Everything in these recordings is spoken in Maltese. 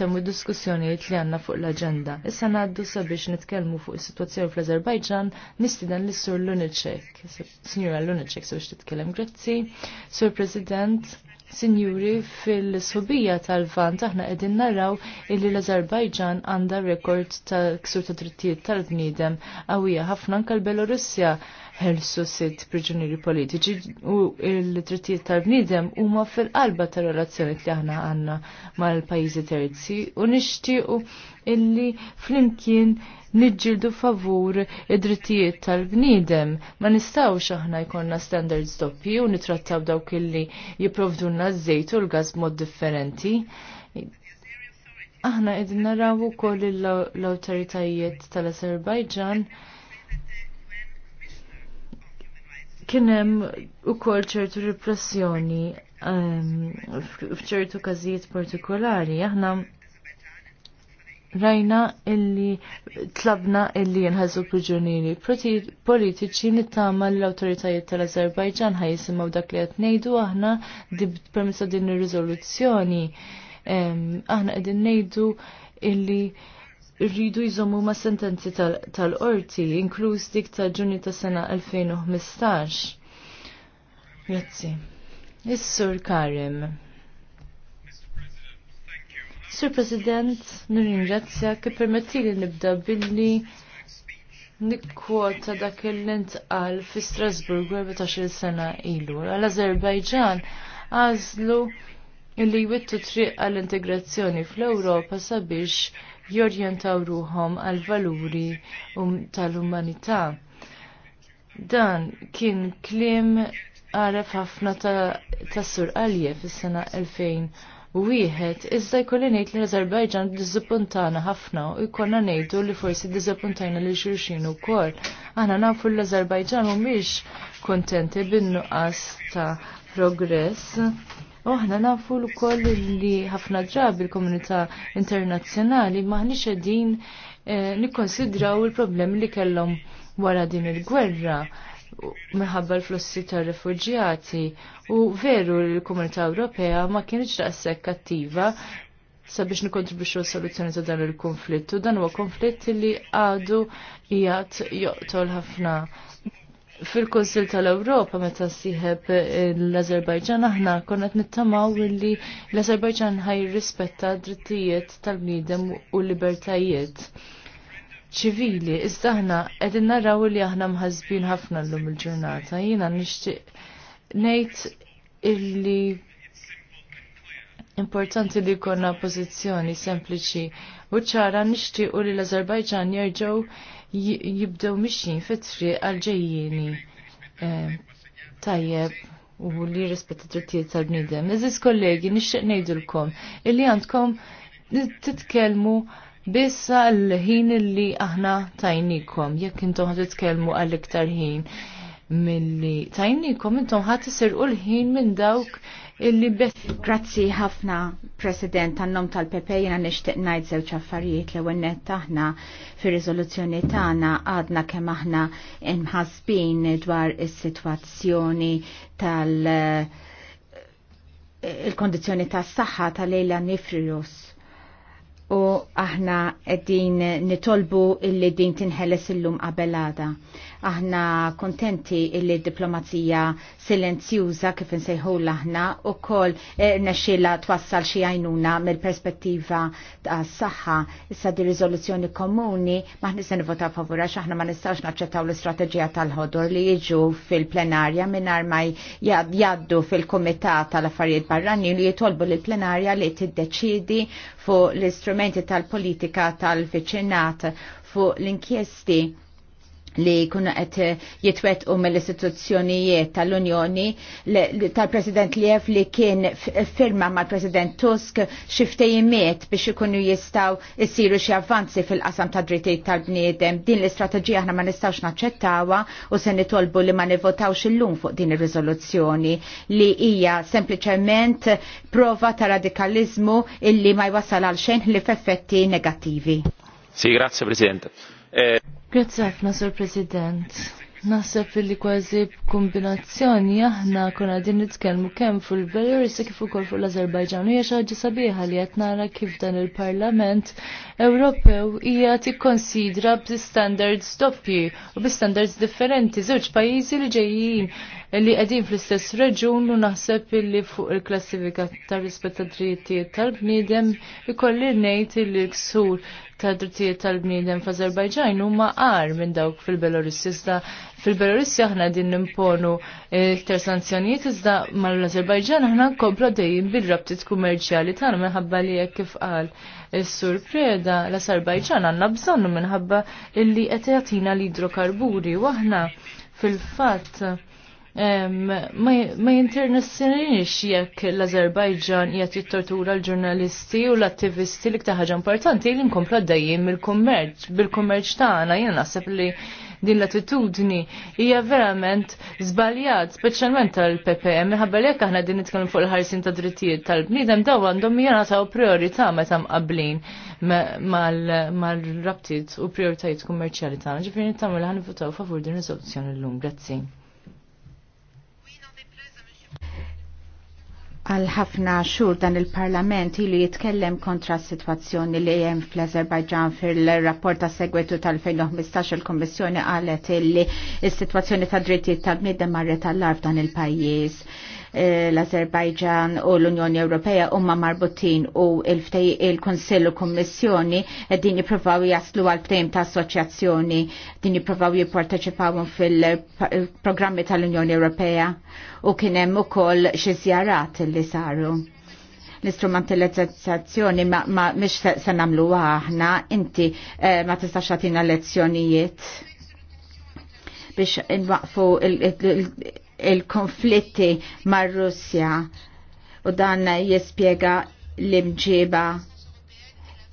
temmu diskussjonijiet li għanna fuq l-agenda. Issa naddu sabiex nitkellmu fuq is situazzjoni fl-Azerbajġan nistidan l-Sur Lunicek. Signora Lunicek sabiex titkellem. Grazzi, Sur President. Sinjuri, fil-subija tal van aħna qegħdin narraw illi l-Azerbajġan għandha rekord ta' ksur ta' drittijiet tal-bniedem qawwija ħafna anke l-Belorussja ħelsu sitt priġunieri politiċi u l-drittijiet tal-bniedem huma fil-qalba tar relazzjoni li aħna għandna mal-pajjiżi terzi u nixtiequ illi flimkien niġġieldu favur id-drittijiet tal bnidem Ma nistgħux aħna jkollna standards doppi u nitrattaw dawk illi jipprovdulna ż-żejt u l gaz mod differenti. Aħna qegħdin naraw ukoll l-awtoritajiet tal-Azerbajġan kienem u kol ċertu repressjoni ehm, fċertu kazijiet partikolari. Aħna rajna illi tlabna illi jenħazu priġunieri politiċi nittama l-autoritajiet tal-Azerbajġan ħajisimaw dak li qed ngħidu aħna permessa din ir-riżoluzzjoni. Aħna qegħdin ngħidu illi rridu jżommu ma' sentenzi tal-qorti, inkluż dik ta' ġuni ta' sena 2015. Grazzi. Is-Sur Karim. Sir President, nirringrazzja ki permettili nibda billi nikkwota dak il għal fi Strasburg 14 sena ilu. Għal-Azerbajġan għazlu illi jwittu triq għall-integrazzjoni fl-Ewropa sabiex jorjentaw ruħom għal-valuri um tal-umanità. Dan kien klim għaref ħafna ta', ta Sur Aliyev fis-sena 2000 wieħed. Iżda jkolli ngħid li l-Azerbajġan diżappuntana ħafna u jkollna ngħidu li forsi diżappuntajna lil xulxin ukoll. Aħna nafu l-Azerbajġan mhumiex kontenti bin-nuqqas ta' progress. Oħna nafu l-koll li ħafna drabi l-komunità internazzjonali m'aħniex qegħdin eh, nikkonsidraw il-problemi li kellhom wara din il-gwerra minħabba l-flussi tar refugjati u veru l-Komunità Ewropea ma kienx daqshekk attiva sabiex s soluzzjoni ta' dan il-konflitt u dan huwa konflitt li għadu jgħat joqtol ħafna fil-Konsil tal-Ewropa meta siħeb l-Azerbajġan aħna konna qed nittamaw li l-Azerbajġan ħaj rispetta d-drittijiet tal-bniedem u l-libertajiet ċivili, iżda aħna qegħdin naraw li aħna mħazbin ħafna llum il-ġurnata. Jiena nixtieq ngħid illi importanti li konna pozizjoni sempliċi u ċara u li l-Azerbajġan jirġaw jibdew mixin fit-triq għal ġejjini eh, tajjeb u li rispetta drittijiet tal bnidem Eżis kollegi, nixtieq ngħidulkom illi għandkom titkellmu Bissa' l ħin li aħna tajnikom, jekk intom ħad titkellmu għal-iktar ħin milli tajnikom intom ħad tisirqu l-ħin minn dawk illi bess. Grazzi ħafna, President, għannom tal pepe jena nishtiq najt zewċ affarijiet li għennet taħna fi rizoluzzjoni taħna għadna kem aħna imħasbin dwar is-situazzjoni tal- il-kondizjoni tas saħħa tal-lejla nifrius u aħna qegħdin nitolbu illi din tinħeles illum qabelada. Aħna kontenti illi diplomazija silenzjuża kif l aħna u kol eh, nesċila twassal xi għajnuna mill-perspettiva ta' saħħa issa di rizoluzjoni komuni maħni se nivota favura x'aħna ma nistax naċċettaw l istrategija tal-ħodor li jiġu fil-plenarja mingħajr ma jgħaddu fil-kumitat tal-affarijiet Barrani li jitolbu lill-plenarja li t-deċidi fuq l-istrumenti tal-politika tal vicinat fuq l-inkjesti li kuna qed jitwet u mill-istituzzjonijiet tal-Unjoni tal-President Liev li kien firma mal-President Tusk imiet biex ikunu jistaw issiru xi avvanzi fil-qasam ta' dritti tal-bniedem. Din l istrategija aħna ma nistgħux naċċettawha u se nitolbu li ma nivvotawx illum fuq din ir rizoluzzjoni li hija sempliċement prova ta' radikalizmu illi ma jwassal għal xejn li f'effetti negattivi. Si, grazie Presidente. Grazie ħafna, Sur President. Naħseb li kważi b'kombinazzjoni aħna konna din nitkellmu kemm fil-Belarus kif ukoll fuq l-Azerbajġan hija xi ħaġa sabiħa li qed nara kif dan il-Parlament Ewropew hija tikkonsidra b'standards doppji u standards differenti żewġ pajjiżi li ġejjin li qegħdin fl-istess reġun u naħseb illi fuq il-klassifika tar rispet ta' drittijiet tal-bniedem ikolli ngħid li l-ksur ta' drittijiet tal-bniedem f'Azerbajġan huma qar minn dawk fil-Belorussi iżda fil-Belorussi aħna din nimponu iktar sanzjonijiet iżda mal-Azerbajġan aħna nkomplu dejjem bil-rabtiet kummerċjali tagħna minħabba li hekk kif qal is-sur preda l-Azerbajġan għandna bżonnu minħabba illi qed jagħtina l-idrokarburi waħna fil-fatt ma jinternessinix jekk l-Azerbajġan jgħat jittortura l-ġurnalisti u l-attivisti li ktaħħaġa importanti li nkomplu għaddejjim mill-kummerċ, bil-kummerċ tagħna jgħan naħseb li din l-attitudni hija verament żbaljat, speċjalment tal-PPM, minħabba li jekk aħna din nitkellmu fuq il-ħarsin ta' drittijiet tal-bniedem daw għandhom jingħataw priorità meta mqablin mal-rabtiet u prioritajiet kummerċjali tagħna. Ġifieri nittamel ħanifutaw favur din riżoluzzjoni llum. Grazzi. Għal ħafna xhur dan il-Parlament li jitkellem kontra s-sitwazzjoni li hemm fl-Azerbajġan fil-rapport ta' segwetu tal-2015 il-Kommissjoni qalet illi s-sitwazzjoni ta' dritti tal-bniedem marret tal-arf dan il-pajjiż Eh, l-Azerbajġan u l-Unjoni Ewropea huma marbutin u il-Konsill u Kommissjoni din jippruvaw jaslu għal ftehim ta' assoċjazzjoni din jippruvaw jipparteċipawhom fil-programmi tal-Unjoni Ewropea u kien hemm ukoll xi żjarat li saru l-istrumentalizzazzjoni ma, ma mhix se, se nagħmlu aħna, inti eh, ma tistax tagħtina lezzjonijiet biex nwaqfu il-konflitti mar russja u dan jispjega l-imġiba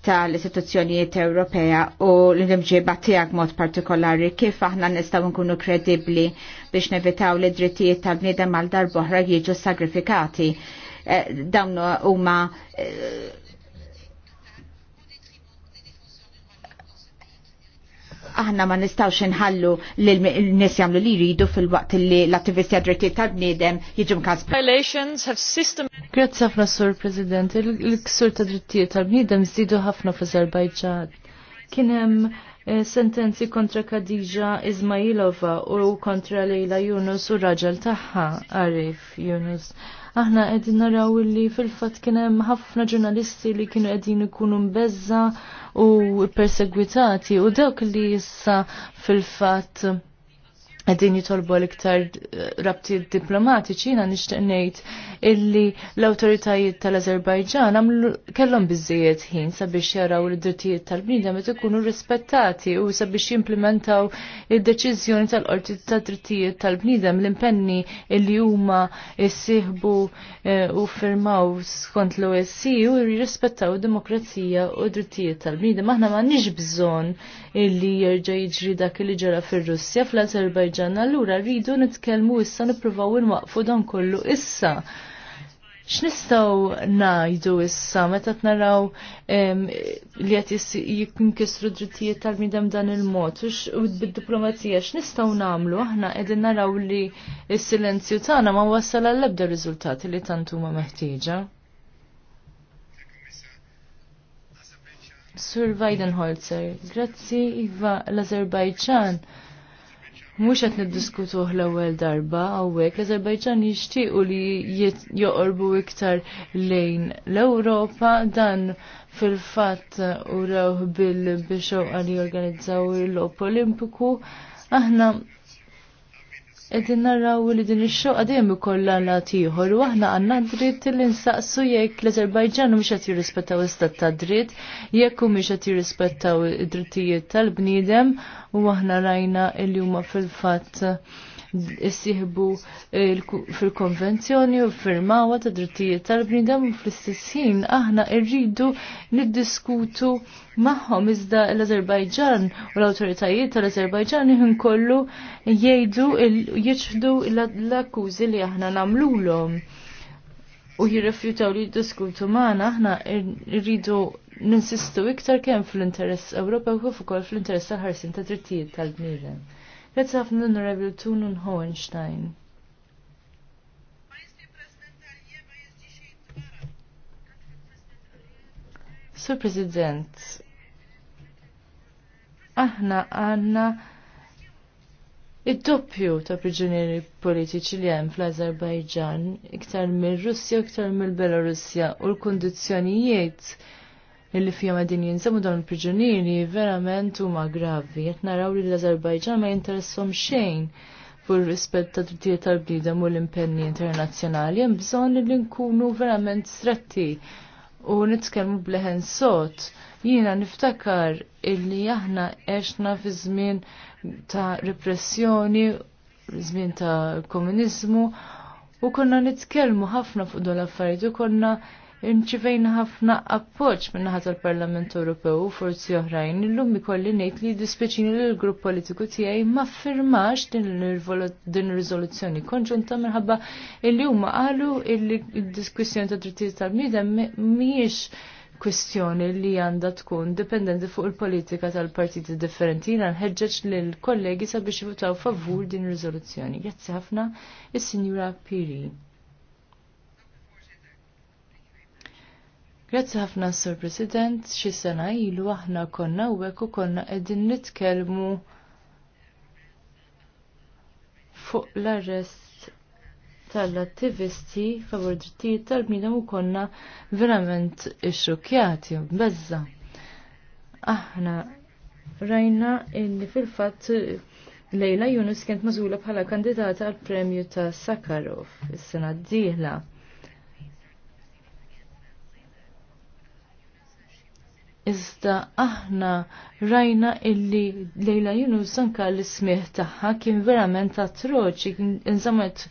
tal-istituzzjonijiet Ewropea u l-imġiba tiegħek mod partikolari kif aħna nistaw nkunu kredibbli biex nevitaw li drittijiet tal-bniedem għal darbohra jiġu sagrifikati. Dawnu eh, dawn huma eh, aħna ma nistawx inħallu l-nies jagħmlu li jridu fil-waqt li l-attivisti drittijiet tal-bniedem jiġu mkasb. Grazzi ħafna Sur President, il-ksur ta' drittijiet tal-bniedem żidu ħafna f'Azerbajġan. Kien hemm eh, sentenzi kontra Kadija Izmailova u kontra Lejla Yunus u raġel tagħha Arif Yunus. Aħna qegħdin naraw li fil-fatt kien hemm ħafna ġurnalisti li kienu qegħdin ikunu mbeżza u perseguitati u dawk li issa fil-fatt għedin jitolbu l-iktar eh, rabti diplomatiċi, jina nishtiq ngħid illi l-autoritajiet tal-Azerbajġan għamlu kellhom bizzijiet ħin sabiex jaraw l-drittijiet tal-bniedem qed ikunu rispettati u sabiex jimplementaw id-deċiżjoni tal-qorti tad-drittijiet tal-bniedem l-impenni illi huma issieħbu eh, u firmaw skont l-OSC u jirrispettaw demokrazija u drittijiet tal-bniedem. Aħna m'għandniex bżonn illi jerġa' jiġri dak ġara fir-Russja fl-Azerbajġan ħaġa, allura rridu nitkellmu issa nippruvaw nwaqfu dan kollu issa. X'nistgħu ngħidu issa meta naraw li qed jinkisru drittijiet tal-midem dan il-mod u bid-diplomazija x'nistgħu nagħmlu aħna qegħdin naraw li s-silenzju tagħna ma wassal għall-ebda riżultati li tant huma meħtieġa. Sur Weidenholzer, grazzi Iva l-Azerbajġan mux għet niddiskutu l-ewel darba għawek l-Azerbajġan jishtiqu li joqorbu iktar lejn l-Europa dan fil-fat u rawh bil-bixaw għalli organizzaw l-Op Olimpiku aħna Edin narraw li din il-xoqa dejjem ikollha la tieħor u aħna għandna dritt li nsaqsu jek l-Azerbajġan mhux qed jirrispettaw istat ta' dritt, jekk u qed jirrispettaw id-drittijiet tal-bniedem u aħna rajna li huma fil-fatt jissieħbu fil-konvenzjoni u firmawa ta' drittijiet tal-bnidem u fl-istess ħin aħna rridu niddiskutu magħhom iżda l-Azerbajġan u l-awtoritajiet tal-Azerbajġan iħin kollu jgħidu jiġħdu l-akkużi li aħna nagħmlulhom u jirrefjutaw li jiddiskutu maħna, aħna rridu ninsistu iktar kemm fl-interess Ewropew kif ukoll fl-interess tal-ħarsin ta' drittijiet tal-bniedem. Let's have Honorable on Hohenstein. Sur President, aħna għanna id-doppju ta' priġunieri politiċi li hemm fl-Azerbajġan iktar mill-Russja iktar mill-Belorussja u l-kondizzjonijiet illi fija ma din jinsabu dawn il-priġunieri verament huma gravi. Qed naraw li l-Azerbajġan ma jinteressom xejn fur rispett ta' drittijiet tal-bniedem u l-impenni internazzjonali hemm bżonn li nkunu verament stretti u nitkellmu bleħen sot. Jiena niftakar illi aħna għexna fi żmien ta' repressjoni, żmien ta' komuniżmu u konna nitkellmu ħafna fuq dol affarijiet u konna irċivejna ħafna appoġġ minn naħat tal-Parlament Ewropew u forzi oħrajn illum ikolli ngħid li dispjaċini li l-grupp politiku tiegħi ma firmax din ir-riżoluzzjoni konġunta minħabba illi huma qalu illi d-diskussjoni ta' drittijiet tal mida mhijiex kwestjoni li għanda tkun dipendenti fuq il-politika tal-partiti differenti jina nħedġeġ l-kollegi sabiex jivutaw favur din riżoluzzjoni. Grazzi ħafna, is-Sinjura Piri. Grazzi ħafna Sur President, xi sena ilu aħna konna hawnhekk u konna qegħdin nitkellmu fuq l-arrest tal-attivisti favur drittijiet tal-bniedem u konna verament ixxukjati, bezza. Aħna rajna illi fil-fatt Lejla Yunus kent mażula bħala kandidata għal premju ta' Sakharov is-sena d-dieħla. Iżda aħna rajna illi Lejla jinu sanka l ismih tagħha kien verament atroċi, Nżamet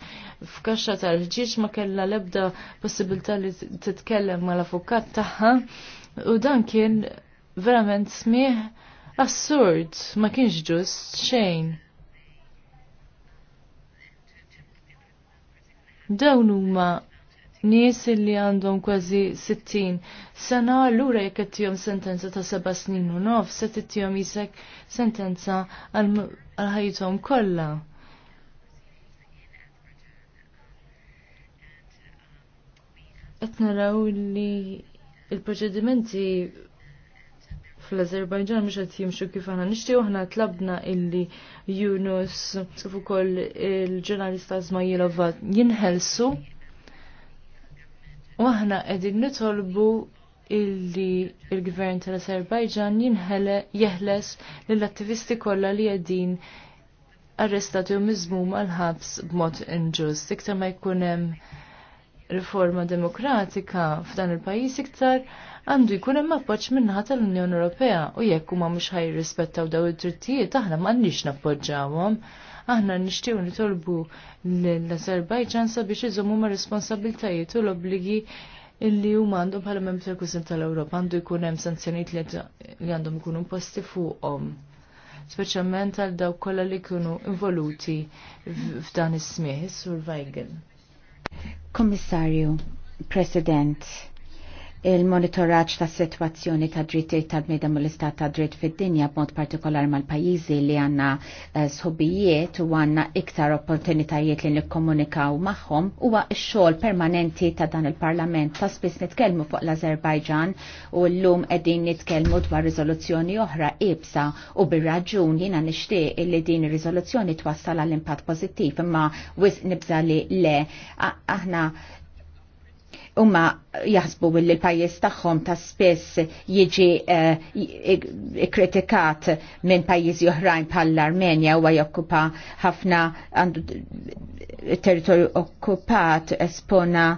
f'kaxxa tal-ħġieġ ma kellha l-ebda possibilità li titkellem mal-avukat tagħha u dan kien verament smieħ assurd, ma kienx ġust xejn. Dawn huma nies li għandhom kważi 60 sena lura jekk qed sentenza ta' seba' snin u nof se tittihom jisek sentenza għal ħajjithom kollha. Qed naraw li il-proċedimenti fl-Azerbajġan mhux qed jimxu kif aħna nixtiew aħna tlabna illi Yunus kif ukoll il-ġurnalista Zmajilova jinħelsu U aħna qegħdin nitolbu illi il-gvern tal-Azerbajġan jinħele jeħles lill-attivisti kollha li qegħdin arrestati u miżmum għal ħabs b'mod inġust. Iktar ma jkun hemm riforma demokratika f'dan il-pajjiż iktar għandu jkun hemm appoġġ minnaħa tal-Unjoni Ewropea u jekk huma mhux ħajrispettaw daw id-drittijiet aħna m'għandniex nappoġġawhom. Aħna nixtiew nitolbu l-Azerbajġan sabiex iżommu ma' responsabiltajiet u l-obbligi illi huma għandhom bħala membri tal-Kusim tal-Ewropa għandu jkun hemm sanzjonijiet li għandhom ikunu imposti fuqhom. Speċjalment għal dawk kollha li jkunu involuti f'dan is-smieħ, Sur Weigel. Kommissarju, President, il-monitoraċ ta' situazzjoni ta' drittijiet tal-bnedem u l-istat ta' dritt fid-dinja b'mod partikolar mal-pajjiżi li għanna eh, sħobijiet u għanna iktar opportunitajiet li nikkomunikaw magħhom huwa x-xogħol permanenti ta' dan il-Parlament ta' spiss nitkellmu fuq l-Azerbajġan u llum qegħdin nitkellmu dwar riżoluzzjoni oħra ibsa u bil raġun jiena nixtieq li din ir-riżoluzzjoni twassal għall impatt pożittiv imma wis nibża li le aħna umma jaħsbu li l-pajis tagħhom ta' spess jiġi eh, kritikat minn pajjiżi oħrajn bħal l-Armenja huwa jokkupa ħafna għandu territorju okkupat espona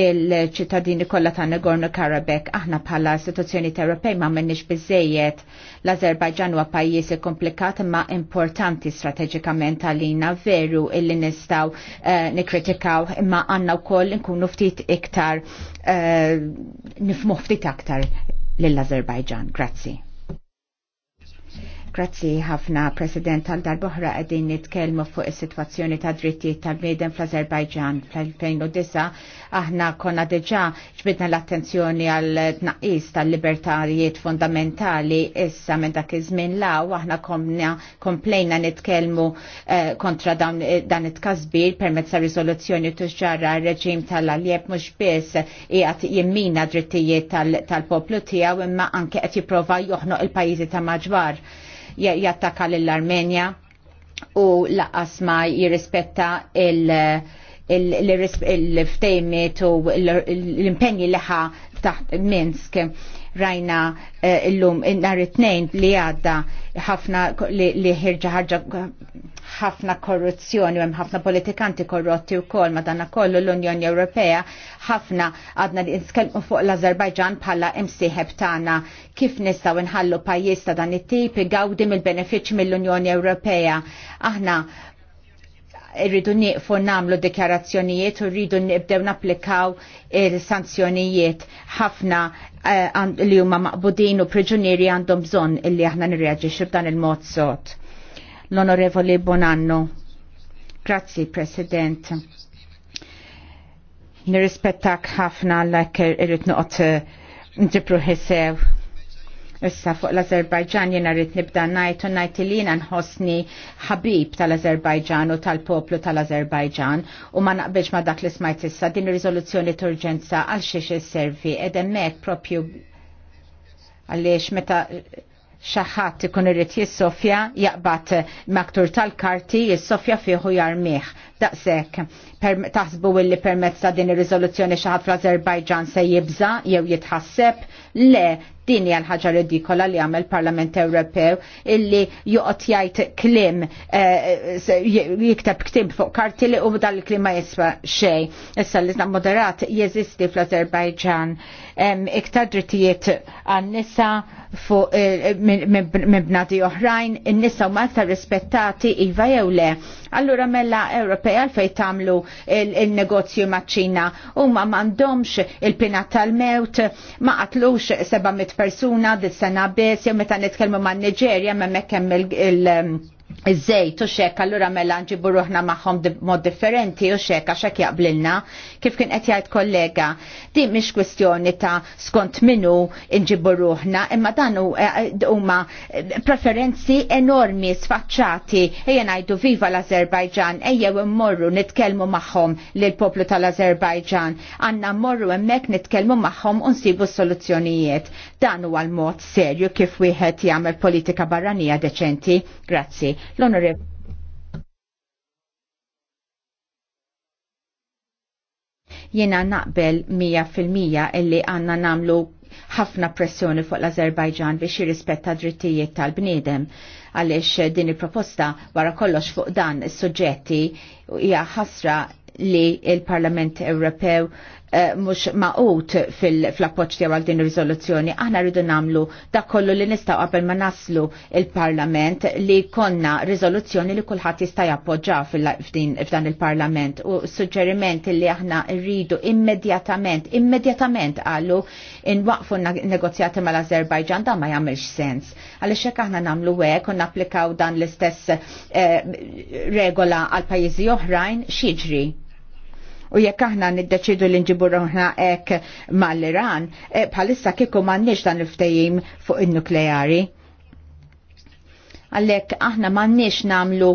il-ċittadini kollha ta' Nagorno Karabek aħna bħala istituzzjoni Ewropej ma m'għandniex biżejjed l-Azerbajġan huwa pajjiż komplikat imma importanti strateġikament għalina veru illi nistgħu eh, nikkritikaw imma għandna wkoll nkunu ftit iktar uh, eh, nifmu ftit aktar lill-Azerbajġan. Grazzi. Grazzi ħafna, President tal darboħra għedin nitkelmu fuq is-sitwazzjoni ta' drittijiet tal-bniedem fl-Azerbajġan fl-2009. Aħna konna deġa ġbidna l-attenzjoni għal tnaqqis tal-libertarijiet fundamentali issa minn dak iż-żmien law aħna komna komplejna nitkelmu eh, kontra dan, dan it kazbir permezz ta' riżoluzzjoni tuġġarra reġim tal-Aljeb mhux biss qiegħed jimmina drittijiet tal-poplu tiegħu imma anke qed jipprova joħnoq il-pajjiżi ta' maġwar jattaka l-Armenja u laqas ma jirrispetta il-ftejmet u l-impenji liħa taħt Minsk rajna eh, illum nar it-tnejn li għadda ħafna li ħirġa ħarġa ħafna korruzzjoni u hemm ħafna politikanti korrotti wkoll madanna kollu l-Unjoni Ewropea ħafna għadna li nitkellmu fuq l-Azerbajġan bħala imsieħeb tagħna kif nistgħu nħallu pajjiż ta' dan it-tip igawdi mill-benefiċċji mill-Unjoni Ewropea. Aħna rridu nieqfu namlu dikjarazzjonijiet u rridu nibdew napplikaw il-sanzjonijiet ħafna eh, li huma maqbudin u priġunieri għandhom bżonn illi aħna nirreaġixxu b'dan il-mod sot. L-Onorevoli Bonanno. Grazzi, President. Nirrispettak ħafna l-ek irrit noqgħod eh, nġibru ħisew Issa fuq l-Azerbajġan jena rrit nibda najt u najt li jena nħosni ħabib tal-Azerbajġan u tal-poplu tal-Azerbajġan u ma naqbilx ma dak li smajt issa din rizoluzzjoni turġenza għal xiex servi ed emmek propju għaliex meta xaħat ikun irrit jissofja jaqbat maktur tal-karti jissofja fiħu jarmiħ. Daqsek, taħsbu illi permezz ta' din ir-riżoluzzjoni xaħat fl-Azerbajġan se jibża jew jitħasseb? Le, Din hija ħaġa ridikola li għamel Parlament Ewropew illi joqgħod jgħid klim eh, jikteb ktim fuq karti li u dal klim ma jiswa xejn. Issa li moderat jeżisti fl-Azerbajġan iktar drittijiet għan-nisa fuq eh, minn bnadi oħrajn, in-nisa huma aktar rispettati iva jew le Allura mela Ewropea għalfej tamlu il-negozju il maċ-Ċina u ma mandomx il-pina tal-mewt ma qatlux 700 persuna dis-sena biss jew meta nitkellmu man-Niġerja ma' mekkem il iż-żejt u xek, allura mela nġibu ruħna maħħom mod differenti u xek, għaxek jaqblilna, kif kien qed jgħid kollega, din mhix kwestjoni ta' skont minu nġibu ruħna, imma dan eh, huma eh, preferenzi enormi sfaċċati, ejja ngħidu viva l-Azerbajġan, ejja immorru nitkellmu magħhom l poplu tal-Azerbajġan, għandna mmorru hemmhekk nitkellmu magħhom u nsibu soluzzjonijiet. Dan huwa l-mod serju kif wieħed jagħmel politika barranija deċenti. Grazzi l-Onorevoli. Jena naqbel 100% illi għanna namlu ħafna pressjoni fuq l-Azerbajġan biex jirrispetta drittijiet tal-bniedem għaliex din il-proposta wara kollox fuq dan is-suġġetti hija ħasra li il-Parlament Ewropew Eh, mhux maqut fil-appoġġ tiegħu għal din ir-riżoluzzjoni, aħna rridu nagħmlu dak kollu li nistgħu qabel ma naslu il-Parlament li konna rizoluzzjoni li kulħadd jista' jappoġġa f'dan il-Parlament u suġġeriment li aħna rridu immedjatament, immedjatament qalu inwaqfu negozjati mal-Azerbajġan dan ma jagħmilx sens. Għaliex xek aħna nagħmlu hekk u napplikaw dan l-istess eh, regola għal pajjiżi oħrajn xieġri. U jekk aħna niddeċidu li nġibu ruħna hekk mal-Iran, e, bħalissa kieku m'għandniex dan il ftajim fuq in-nukleari. Għalhekk aħna m'għandniex namlu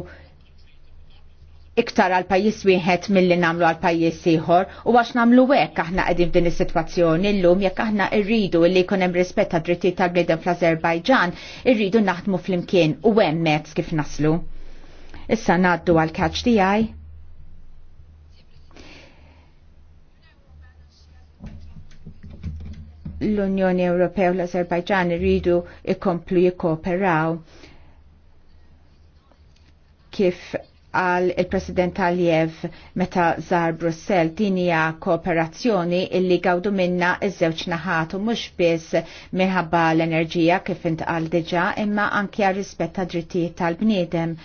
iktar għal pajis wieħed mill-li namlu għal pajis ieħor u għax namlu hekk aħna qegħdin f'din is-sitwazzjoni llum jekk aħna rridu li jkun hemm rispett ta' drittijiet tal-bniedem fl-Azerbajġan, irridu naħdmu flimkien u hemm mezz kif naslu. Issa ngħaddu għal kaċ tiegħi. l-Unjoni Ewropea u l-Azerbajġan iridu ikomplu jikkooperaw kif għal il-President Taljev meta zar Brussel dinija kooperazzjoni illi gawdu minna iż-żewġ naħat u mhux biss minħabba l-enerġija kif intqal diġà imma anki għal rispett ta' drittijiet tal-bniedem.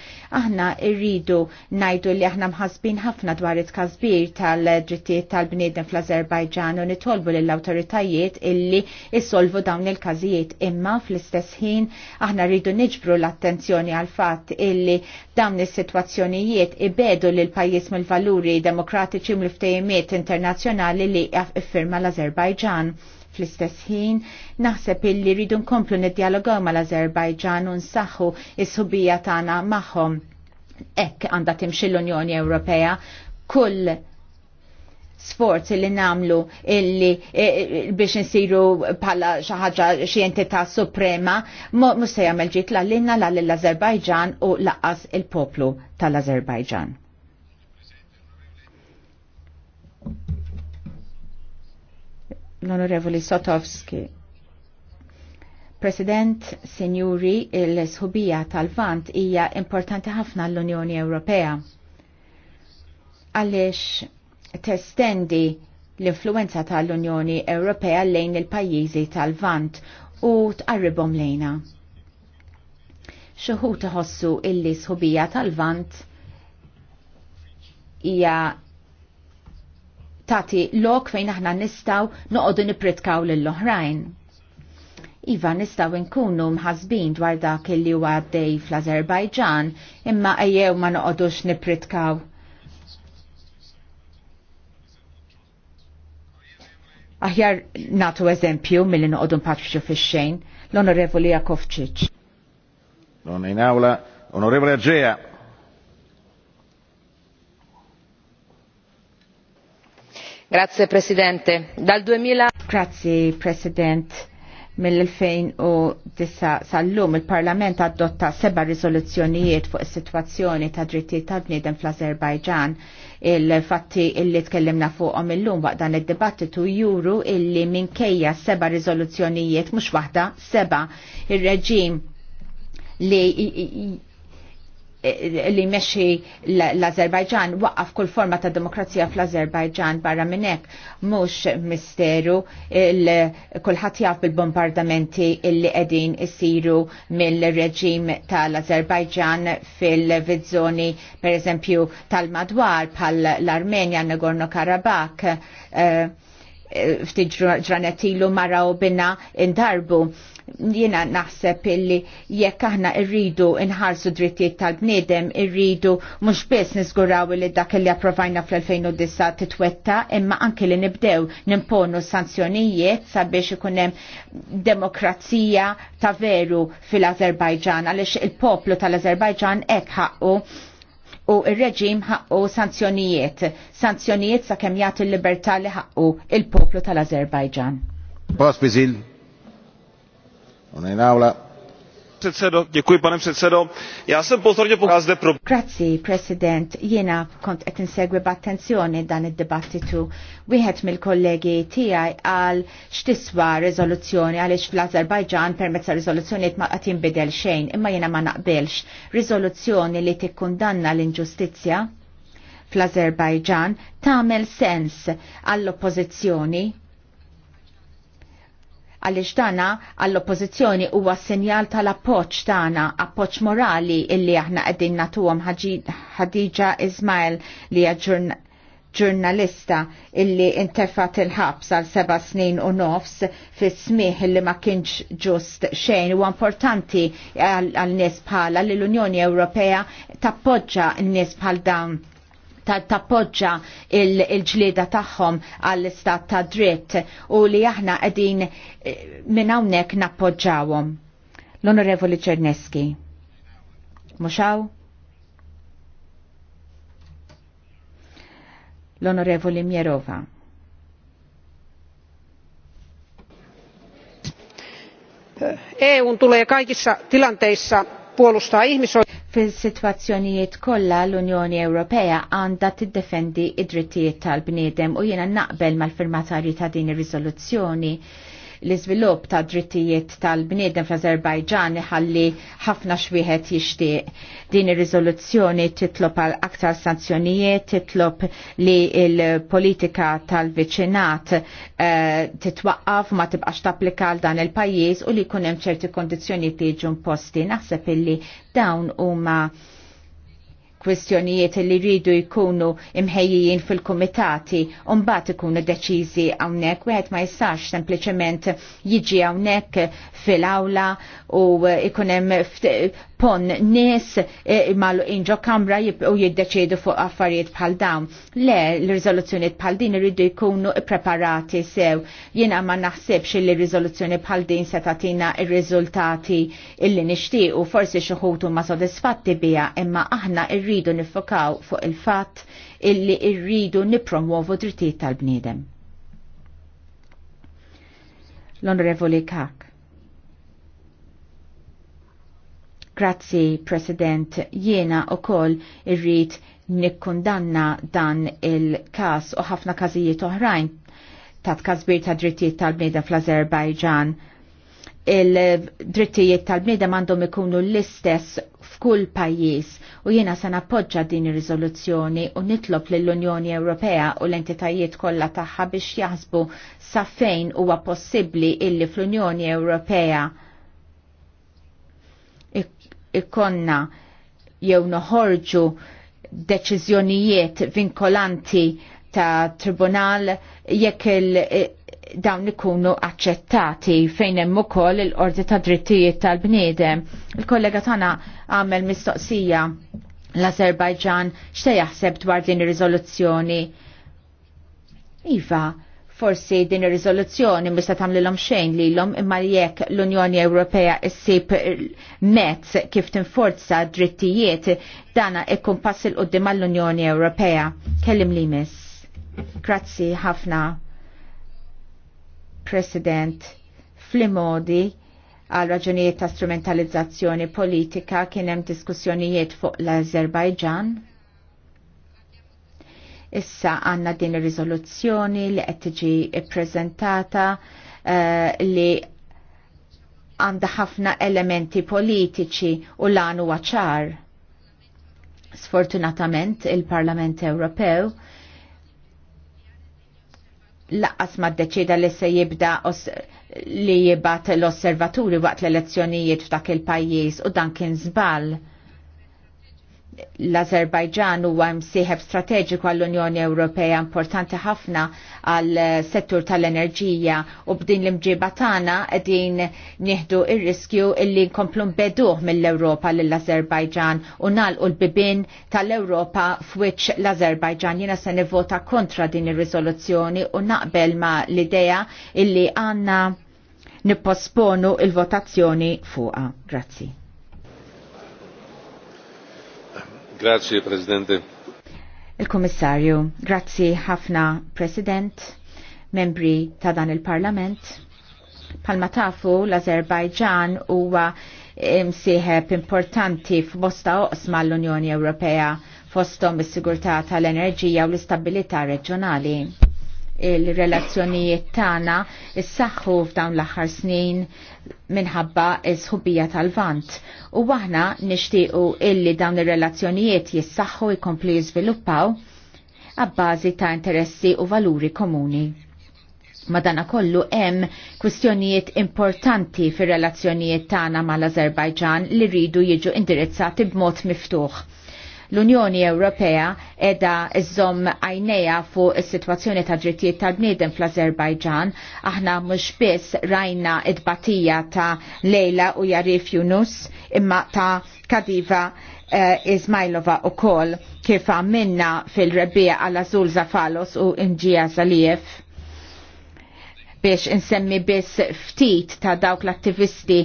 Aħna rridu ngħidu li aħna mħasbin ħafna dwar it-każbir tal-drittijiet tal-bniedem fl-Azerbajġan u nitolbu lill-awtoritajiet illi issolvu dawn il-każijiet imma fl-istess ħin aħna rridu niġbru l-attenzjoni għal fatt illi dawn is-sitwazzjoni kumpanijiet ibedu l pajjiż mill-valuri demokratiċi mill ftejmiet internazzjonali li iffirma l-Azerbajġan. Fl-istess ħin, naħseb illi rridu nkomplu niddialogaw mal-Azerbajġan u nsaħħu is-subija tagħna magħhom. Ekk għandha timxi l-Unjoni Ewropea kull sforz li namlu illi eh, eh, biex nsiru bħala xaħġa xi entità suprema mhux għamil jagħmel la l la l-Azerbajġan u laqqas il-poplu tal-Azerbajġan. l-Onorevoli Sotovski. President, Sinjuri, il-sħubija tal-Vant hija importanti ħafna l-Unjoni Ewropea. Għaliex testendi l-influenza tal-Unjoni Ewropea lejn il-pajjiżi tal-Vant u tqarribhom lejna. Xi Xuħu iħossu illi sħubija tal-Vant hija tati lok fejn aħna nistgħu noqogħdu nipritkaw lill-oħrajn. Iva nistaw inkunu mħazbin dwar dak li huwa għaddej fl-Azerbajġan, imma ejjew ma noqogħdux nipritkaw Aħjar natu eżempju mill-li noqodu mpatfixu fix-xejn, l-Onorevoli Jakovčić. Non in aula, Onorevole Agea. Grazie Presidente. Dal 2000 Grazie Presidente mill-2009 sal-lum il-Parlament adotta seba' rizoluzzjonijiet fuq is-sitwazzjoni ta' drittijiet ta' bniedem fl-Azerbajġan. Il-fatti illi tkellimna fuqhom illum waqt dan id-dibattitu juru illi minkejja seba' riżoluzzjonijiet mhux waħda seba' ir-reġim li li meċi l-Azerbajġan waqqaf kull forma ta' demokrazija fl-Azerbajġan barra minnek mux misteru kullħat jaf bil-bombardamenti illi edin isiru mill-reġim tal-Azerbajġan fil-vizzoni per eżempju tal-madwar pal armenja Nagorno Karabakh eh, ftit ġranet ilu mara u bina indarbu. Jiena naħseb illi jekk aħna irridu nħarsu drittijiet tal-bniedem, irridu mhux biss niżguraw li dak li approvajna fl-2009 titwetta, imma anke li nibdew nimponu sanzjonijiet sabiex ikun hemm demokrazija ta' veru fil-Azerbajġan għaliex il-poplu tal-Azerbajġan hekk ħaqqu u il-reġim ħaqqu sanzjonijiet, sanzjonijiet sa' kem jgħatu l-libertà li ħaqqu il-poplu tal-Azerbajġan. Post bizil. Unajnawla. Grazzi, Grazie, president. Jena kont qed insegwi b'attenzjoni dan id-dibattitu. Wieħed mill-kollegi tiegħi għal x'tiswa riżoluzzjoni għaliex fl-Azerbajġan permezz ta' riżoluzzjonijiet ma qed jinbidel xejn, imma jiena ma naqbilx. Riżoluzzjoni li tikkundanna l-inġustizzja fl-Azerbajġan tagħmel sens għall-oppożizzjoni għaliex dana għall-oppożizzjoni huwa sinjal tal-appoġġ tagħna, appoġġ morali illi aħna qegħdin nagħtuhom ħadija Ismail li hija ġurnalista illi intefat il-ħabs għal seba snin u nofs fi smih illi ma kienx ġust xejn u importanti għal nies bħala li l-Unjoni Ewropea tappoġġa n nies bħal dawn tappoġġa il-ġlieda tagħhom għall-istat ta' dritt u li aħna qegħdin eh, minn hawnhekk nappoġġawhom. L-Onorevoli Ċerneski. Muxaw? L-Onorevoli Mjerova. EUn tulee kaikissa tilanteissa puolustaa ihmisoikeuksia. Fil-situazzjonijiet kollha l-Unjoni Ewropea għandha tiddefendi id-drittijiet tal-bniedem u jiena naqbel mal firmatarji ta' din ir-riżoluzzjoni L-iżvilupp ta' drittijiet tal-bniedem fl-Azerbajġan ħalli ħafna xwieħed jixtieq. Din ir-riżoluzzjoni titlob għal aktar sanzjonijiet, titlob li l-politika tal-viċinat eh, titwaqqaf ma tibqax tapplika għal dan il-pajjiż u li jkun hemm ċerti kondizzjonijiet li jiġu imposti. Naħseb illi dawn huma kwestjonijiet li rridu jkunu imħejjin fil-komitati unbat ikunu deċizi għawnek, wieħed ma jistax sempliciment jiġi għawnek fil-awla u ikunem pon nis e, malu inġo kamra u jiddeċiedu fuq affarijiet bħal dawn. Le, l-rizoluzzjoni bħal din rridu jkunu preparati sew. Jiena ma naħsibx li rizoluzzjoni bħal din se tatina il-rizultati illi nishtiqu forsi xuħutu ma sodisfatti bija imma aħna rridu irridu nifokaw fuq il-fatt illi irridu nipromuovu drittijiet tal-bniedem. L-Onorevoli Kak. Grazzi, President, jiena u koll irrid nikkundanna dan il-kas u ħafna kazijiet oħrajn ta' tkazbir ta' drittijiet tal bnidem fl-Azerbajġan il-drittijiet tal-bniedem għandhom ikunu l-istess f'kull pajjiż u jiena se nappoġġa din ir-riżoluzzjoni u nitlob lill-Unjoni Ewropea u l-entitajiet kollha tagħha biex jaħsbu sa fejn huwa possibbli illi fl-Unjoni Ewropea ikonna jew noħorġu deċiżjonijiet vinkolanti ta' tribunal jekk il- dawn ikunu aċċettati fejn hemm ukoll il-qorti ta' drittijiet tal-bniedem. Il-kollega tagħna għamel mistoqsija l-Azerbajġan x'te jaħseb dwar din ir-riżoluzzjoni. Iva, forsi din ir-riżoluzzjoni mista tagħmlilhom xejn lilhom imma jekk l-Unjoni Ewropea ssib mezz kif tinforza drittijiet dana ikun pass il qudiem għall-Unjoni Ewropea. Kellim li miss. Grazzi ħafna. President, fl-modi għal raġunijiet ta' strumentalizzazzjoni politika kien hemm diskussjonijiet fuq l-Azerbajġan. Issa għanna din ir-riżoluzzjoni li qed tiġi ppreżentata uh, eh, li għanda ħafna elementi politiċi u l-għanu għacħar. Sfortunatament il-Parlament Ewropew laqqas ma d-deċida li se jibda li jibat l-osservaturi waqt l-elezzjonijiet f'dak il-pajjiż u dan kien żball l-Azerbajġan huwa msieħeb strateġiku għall-Unjoni Ewropea importanti ħafna għal settur tal-enerġija u b'din l-imġiba tagħna qegħdin nieħdu ir-riskju illi nkomplu nbeduh mill-Ewropa lill-Azerbajġan u nagħlqu l-bibin tal-Ewropa f'wiċ l-Azerbajġan jina se nivvota kontra din ir-riżoluzzjoni u naqbel ma l-idea illi għandna nipposponu il-votazzjoni fuqha. Grazzi. Grazie, Presidente. Il-Komissarju, grazie ħafna, President, membri ta' dan il-Parlament. Palma tafu, l-Azerbajġan huwa msieħeb importanti f'bosta oqsma l-Unjoni Ewropea fostom is-sigurtà tal-enerġija u l-istabilità reġjonali il-relazzjonijiet tagħna issaħħu f'dawn l-aħħar snin minħabba s-ħubbija tal-vant. U aħna nixtiequ illi dawn ir-relazzjonijiet jissaħħu jkomplu jiżviluppaw għabbażi ta' interessi u valuri komuni. Madana kollu hemm kwistjonijiet importanti fir relazzjonijiet tagħna mal-Azerbajġan li rridu jiġu indirizzati b'mod miftuħ. L-Unjoni Ewropea edha iżom għajneja fuq is-sitwazzjoni ta' drittijiet tal-bniedem fl-Azerbajġan, aħna mhux biss rajna id-batija ta' Lejla u Jarif Yunus imma ta' Kadiva eh, Izmajlova u kol kif għamminna fil-rebbija għal-Azul Zafalos u Inġija Zalijev biex insemmi biss ftit ta' dawk l-attivisti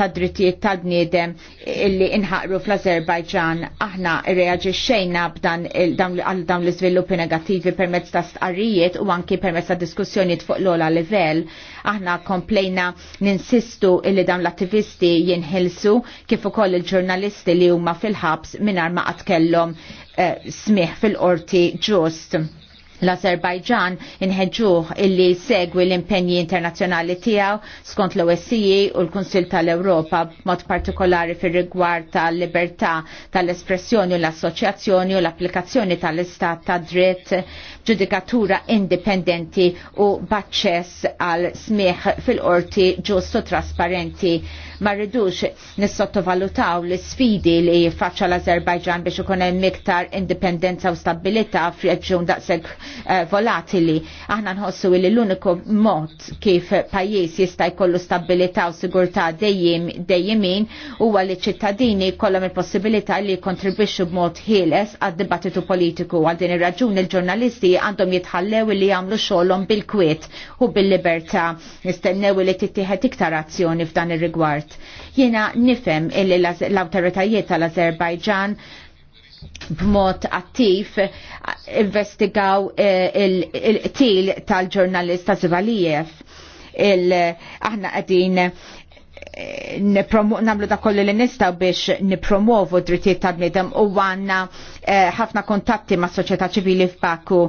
ta' drittijiet tal-bniedem illi inħaqru fl-Azerbajġan. Aħna b'dan għal dawn l-izviluppi negativi permezz ta' stqarrijiet u anki permezz ta' diskussjoniet fuq l-ola level. Aħna komplejna ninsistu illi dawn l-attivisti jinħilsu kif ukoll il-ġurnalisti li huma fil-ħabs minn ma qatt kellhom eh, smih fil-qorti ġust l-Azerbajġan inħedġuħ illi segwi l-impenji internazzjonali tiegħu skont l-OSCE u l konsil tal-Ewropa b'mod partikolari fir rigward tal-libertà tal-espressjoni u l-assoċjazzjoni u l-applikazzjoni tal-istat tad dritt ġudikatura indipendenti u baċċess għal smieħ fil-qorti ġustu trasparenti. Ma rridux nissottovalutaw l sfidi li faċċa l-Azerbajġan biex ikun hemm iktar indipendenza u stabilità f'reġjun daqshekk eh, volatili. Aħna nħossu li l-uniku mod kif pajjiż jista' jkollu stabilità u sigurtà dejjem dejjemin huwa li ċittadini kollhom il-possibilità li jkontribwixxu b'mod ħieles għad-dibattitu politiku għal din ir-raġun il-ġurnalisti għandhom jitħallew li jagħmlu xogħolhom bil-kwiet u bil-libertà nistennew li tittieħed iktar azzjoni f'dan ir-rigward. Jiena nifhem illi l-awtoritajiet tal-Azerbajġan b'mod attiv investigaw e, il-qtil tal-ġurnalista Zivalijev il aħna qegħdin namlu da kollu li nistaw biex nipromovu drittijiet ta' bnidem u għanna eh, ħafna kontatti ma' soċjetà ċivili f'Baku.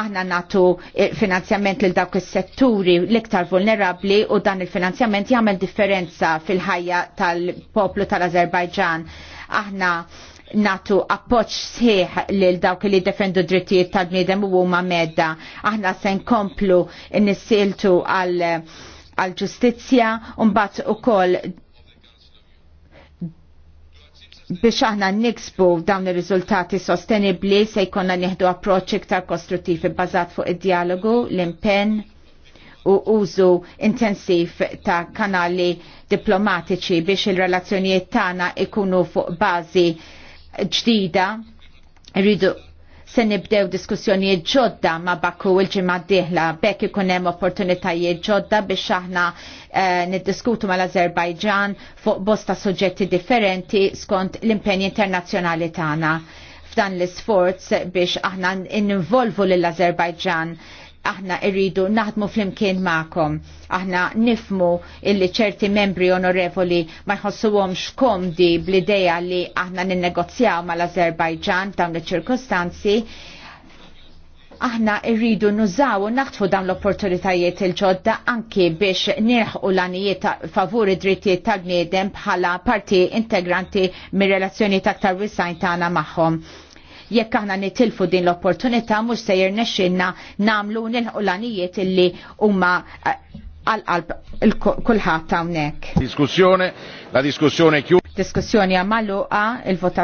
Aħna natu eh, finanzjament lil dawk is-setturi l-iktar vulnerabli u dan il-finanzjament jagħmel differenza fil-ħajja tal-poplu tal-Azerbajġan. Aħna natu appoċ sħiħ lil dawk li defendu drittijiet tal-bniedem u huma medda. Aħna se nkomplu nissiltu għal għal-ġustizja, unbat u koll biex aħna niksbu dawn ir-riżultati sostenibli se jkollna nieħdu approċċ iktar kostruttiv bbażat fuq id-dialogu, l-impenn u użu intensiv ta' kanali diplomatiċi biex il-relazzjonijiet tagħna ikunu fuq bażi ġdida rridu se nibdew diskussjonijiet ġodda ma' Baku il-ġimgħa d-dieħla bekk ikun hemm opportunitajiet ġodda biex aħna eh, niddiskutu mal-Azerbajġan fuq bosta suġġetti differenti skont l-impenji internazzjonali tagħna f'dan l-isforz biex aħna ninvolvu lill-Azerbajġan aħna irridu naħdmu flimkien ma'kom. Aħna nifmu illi ċerti membri onorevoli ma jħossuhomx komdi bl-ideja li aħna ninnegozjaw mal-Azerbajġan dawn iċ-ċirkostanzi. Aħna irridu nużaw u naħtfu dawn l-opportunitajiet il-ġodda anki biex nirħu l-anijiet favuri drittijiet tal-bniedem bħala parti integranti mir-relazzjoni taktar wisajn tagħna magħhom Jekk aħna nitilfu din l-opportunità mhux se jirnexxinna nagħmlu nilħulanijiet illi huma eh, għal-qalb kulħadd hawnhekk. Diskussjoni, la diskussjoni kju. Diskussjoni għamalluqa il-votazzjoni.